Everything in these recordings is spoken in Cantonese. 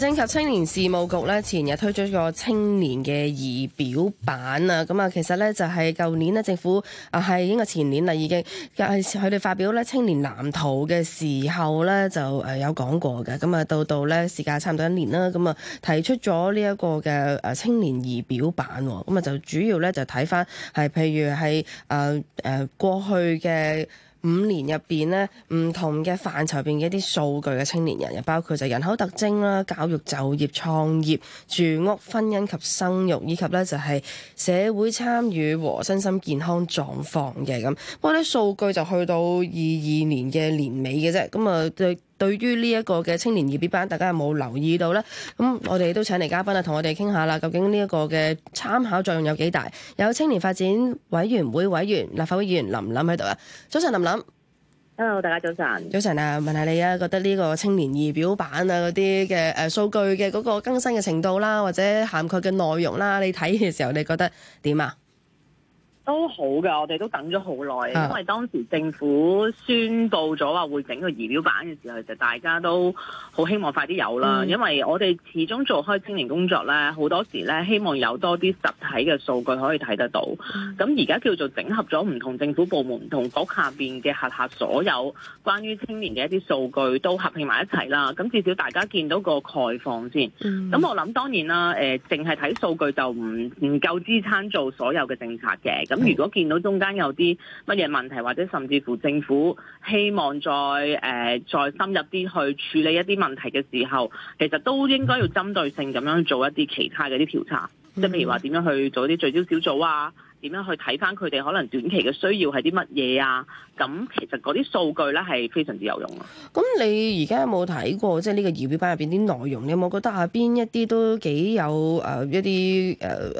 政及青年事務局咧，前日推出個青年嘅儀表板啊，咁啊，其實咧就係舊年呢，政府啊係應該前年啦，已經係佢哋發表咧青年藍圖嘅時候咧，就誒有講過嘅，咁啊到到咧時間差唔多一年啦，咁啊提出咗呢一個嘅誒青年儀表板，咁啊就主要咧就睇返係譬如係誒誒過去嘅。五年入邊咧，唔同嘅範疇入邊嘅一啲數據嘅青年人，又包括就人口特徵啦、教育、就業、創業、住屋、婚姻及生育，以及咧就係社會參與和身心健康狀況嘅咁。不過咧數據就去到二二年嘅年尾嘅啫，咁啊，對。對於呢一個嘅青年儀表板，大家有冇留意到呢？咁、嗯、我哋都請嚟嘉賓啊，同我哋傾下啦。究竟呢一個嘅參考作用有幾大？有青年發展委員會委員立法會議員林琳喺度啊。早晨，林琳。Hello，大家早晨。早晨啊，問下你啊，覺得呢個青年儀表板啊嗰啲嘅誒數據嘅嗰個更新嘅程度啦、啊，或者涵蓋嘅內容啦、啊，你睇嘅時候你覺得點啊？都好㗎，我哋都等咗好耐，因為當時政府宣布咗話會整個儀表板嘅時候，就大家都好希望快啲有啦。嗯、因為我哋始終做開青年工作呢，好多時呢，希望有多啲實體嘅數據可以睇得到。咁而家叫做整合咗唔同政府部門同局下邊嘅轄下所有關於青年嘅一啲數據都合併埋一齊啦。咁至少大家見到個概況先。咁、嗯、我諗當然啦，誒、呃，淨係睇數據就唔唔夠支撐做所有嘅政策嘅。咁咁如果見到中間有啲乜嘢問題，或者甚至乎政府希望再誒、呃、再深入啲去處理一啲問題嘅時候，其實都應該要針對性咁樣做一啲其他嘅啲調查。即譬如話點樣去做啲聚焦小組啊？點樣去睇翻佢哋可能短期嘅需要係啲乜嘢啊？咁其實嗰啲數據咧係非常之有用啊。咁、嗯、你而家有冇睇過即係呢個儀表板入邊啲內容？你有冇覺得啊邊一啲都幾有誒、呃、一啲誒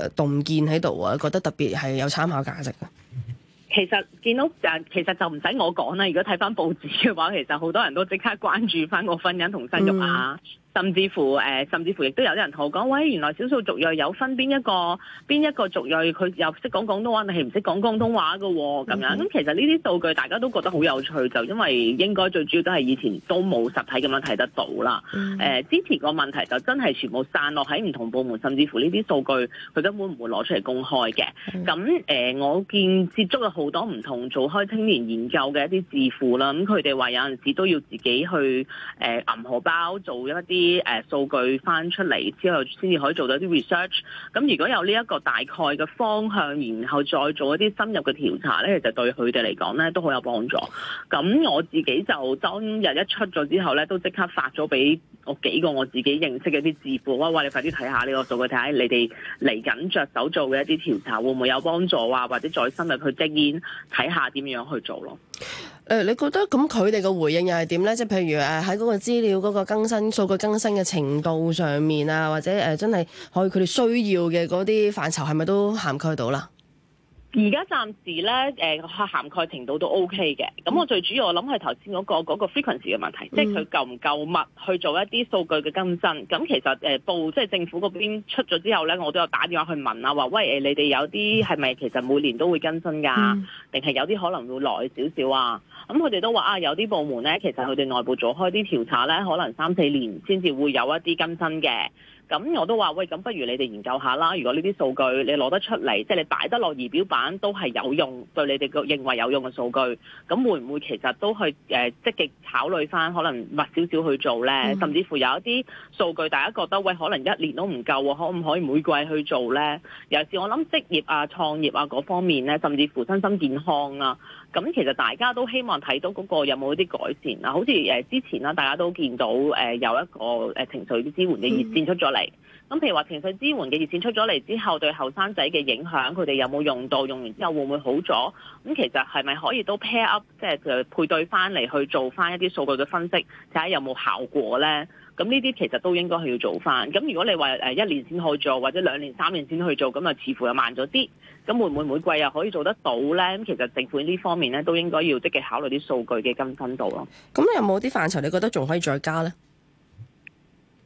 誒洞見喺度啊？覺得特別係有參考價值嘅。其實見到其實就唔使我講啦。如果睇翻報紙嘅話，其實好多人都即刻關注翻個婚姻同生育啊。嗯甚至乎誒、呃，甚至乎亦都有啲人同我講：「喂，原來少數族裔有分邊一個邊一個族裔，佢又識講廣東話，定係唔識講廣東話嘅喎。咁樣咁，其實呢啲數據大家都覺得好有趣，就因為應該最主要都係以前都冇實體咁樣睇得到啦。誒、嗯呃，之前個問題就真係全部散落喺唔同部門，甚至乎呢啲數據佢根本唔會攞出嚟公開嘅。咁誒、呃，我見接觸咗好多唔同，做開青年研究嘅一啲智庫啦，咁佢哋話有陣時都要自己去誒揼荷包做一啲啲誒、呃、數據翻出嚟之後，先至可以做到啲 research。咁如果有呢一個大概嘅方向，然後再做一啲深入嘅調查呢其實對佢哋嚟講呢都好有幫助。咁我自己就當日一出咗之後呢，都即刻發咗俾我幾個我自己認識嘅啲智庫，話：喂，你快啲睇下呢個數據，睇下你哋嚟緊着手做嘅一啲調查會唔會有幫助啊？或者再深入去積煙，睇下點樣去做咯。誒，你覺得咁佢哋嘅回應又係點咧？即係譬如誒，喺嗰個資料嗰個更新、數據更新嘅程度上面啊，或者誒，真係可以佢哋需要嘅嗰啲範疇，係咪都涵蓋到啦？而家暫時咧，誒涵蓋程度都 OK 嘅。咁我最主要我諗係頭先嗰個嗰、那個 frequency 嘅問題，嗯、即係佢夠唔夠密去做一啲數據嘅更新。咁其實誒、呃、報即係、就是、政府嗰邊出咗之後咧，我都有打電話去問啊，話喂誒，你哋有啲係咪其實每年都會更新㗎？定係、嗯、有啲可能會耐少少啊？咁佢哋都話啊，有啲部門咧，其實佢哋內部做開啲調查咧，可能三四年先至會有一啲更新嘅。咁我都話喂，咁不如你哋研究下啦。如果呢啲數據你攞得出嚟，即係你擺得落儀表板都係有用，對你哋個認為有用嘅數據，咁會唔會其實都去誒積極考慮翻，可能密少少去做呢？嗯、甚至乎有一啲數據，大家覺得喂，可能一年都唔夠，可唔可以每季去做呢？尤其是我諗職業啊、創業啊嗰方面呢啊，甚至乎身心健康啊。咁其實大家都希望睇到嗰個有冇一啲改善啊，好似誒之前啦，大家都見到誒有一個誒情緒支援嘅熱線出咗嚟。嗯。咁譬如話，情緒支援嘅熱線出咗嚟之後，對後生仔嘅影響，佢哋有冇用到？用完之後會唔會好咗？咁其實係咪可以都 pair up，即係配對翻嚟去做翻一啲數據嘅分析，睇下有冇效果咧？咁呢啲其實都應該係要做翻。咁如果你話誒一年先去做，或者兩年、三年先去做，咁啊似乎又慢咗啲。咁會唔會每季又可以做得到咧？咁其實政府呢方面咧都應該要積極考慮啲數據嘅更新度咯。咁有冇啲範疇？你覺得仲可以再加咧？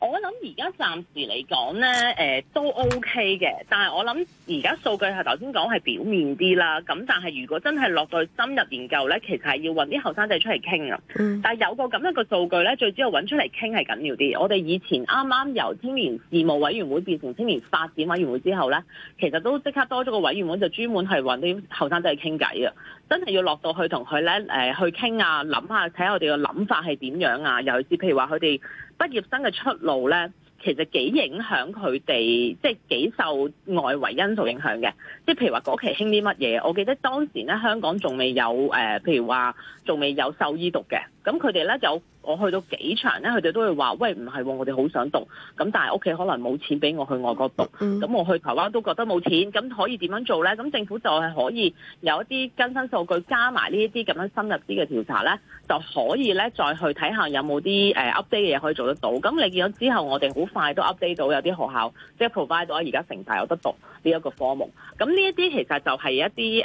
我諗而家暫時嚟講呢誒、呃、都 OK 嘅。但係我諗而家數據係頭先講係表面啲啦。咁但係如果真係落到深入研究呢，其實係要搵啲後生仔出嚟傾啊。但係有個咁一個數據呢，最主要搵出嚟傾係緊要啲。我哋以前啱啱由青年事務委員會變成青年發展委員會之後呢，其實都即刻多咗個委員會，就專門係搵啲後生仔去傾偈啊。真係要落到去同佢呢誒、呃、去傾啊，諗下睇下我哋嘅諗法係點樣啊，尤其是譬如話佢哋。畢業生嘅出路呢，其實幾影響佢哋，即係幾受外圍因素影響嘅。即係譬如話嗰期興啲乜嘢？我記得當時呢，香港仲未有誒、呃，譬如話仲未有獸醫讀嘅。咁佢哋咧就我去到幾場咧，佢哋都會話，喂，唔係、哦，我哋好想讀，咁但係屋企可能冇錢俾我去外國讀。咁、嗯、我去台灣都覺得冇錢，咁可以點樣做咧？咁政府就係可以有一啲更新數據，加埋呢一啲咁樣深入啲嘅調查咧，就可以咧再去睇下有冇啲誒 update 嘅嘢可以做得到。咁你見到之後，我哋好快都 update 到有啲學校即係 provide 到而家成大有得讀呢一個科目。咁呢一啲其實就係一啲誒、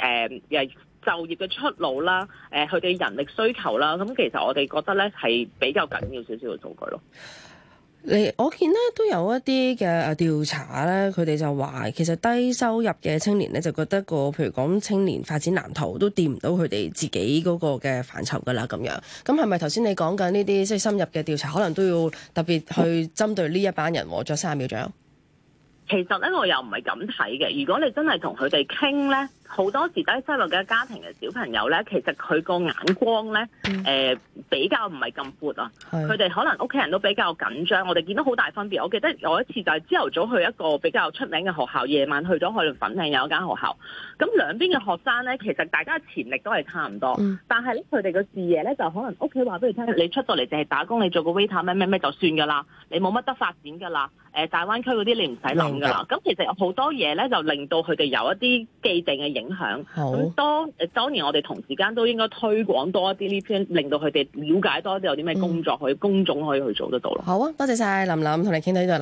呃就業嘅出路啦，誒、呃，佢哋人力需求啦，咁、嗯、其實我哋覺得呢係比較緊要少少嘅數據咯。你我見呢都有一啲嘅調查呢，佢哋就話其實低收入嘅青年呢，就覺得個，譬如講青年發展藍圖都掂唔到佢哋自己嗰個嘅範疇噶啦，咁樣。咁係咪頭先你講緊呢啲即係深入嘅調查，可能都要特別去針對呢一班人？嗯、和咗三十秒左右。其實呢，我又唔係咁睇嘅。如果你真係同佢哋傾呢。好多時低收入嘅家庭嘅小朋友咧，其實佢個眼光咧，誒、呃、比較唔係咁闊啊。佢哋的可能屋企人都比較緊張。我哋見到好大分別。我記得有一次就係朝頭早去一個比較出名嘅學校，夜晚去咗去到粉嶺有一間學校。咁兩邊嘅學生咧，其實大家嘅潛力都係差唔多，嗯、但係咧佢哋嘅視野咧就可能屋企話俾你聽，你出到嚟淨係打工，你做個 waiter 咩咩咩就算㗎啦，你冇乜得發展㗎啦。誒、呃、大灣區嗰啲你唔使諗㗎啦。咁日其實好多嘢咧就令到佢哋有一啲既定嘅形。影響咁當，誒，當然我哋同時間都應該推廣多一啲呢篇，令到佢哋了解多啲有啲咩工作可以工種、嗯、可以去做得到咯。好啊，多謝晒林琳同你傾到呢度啦。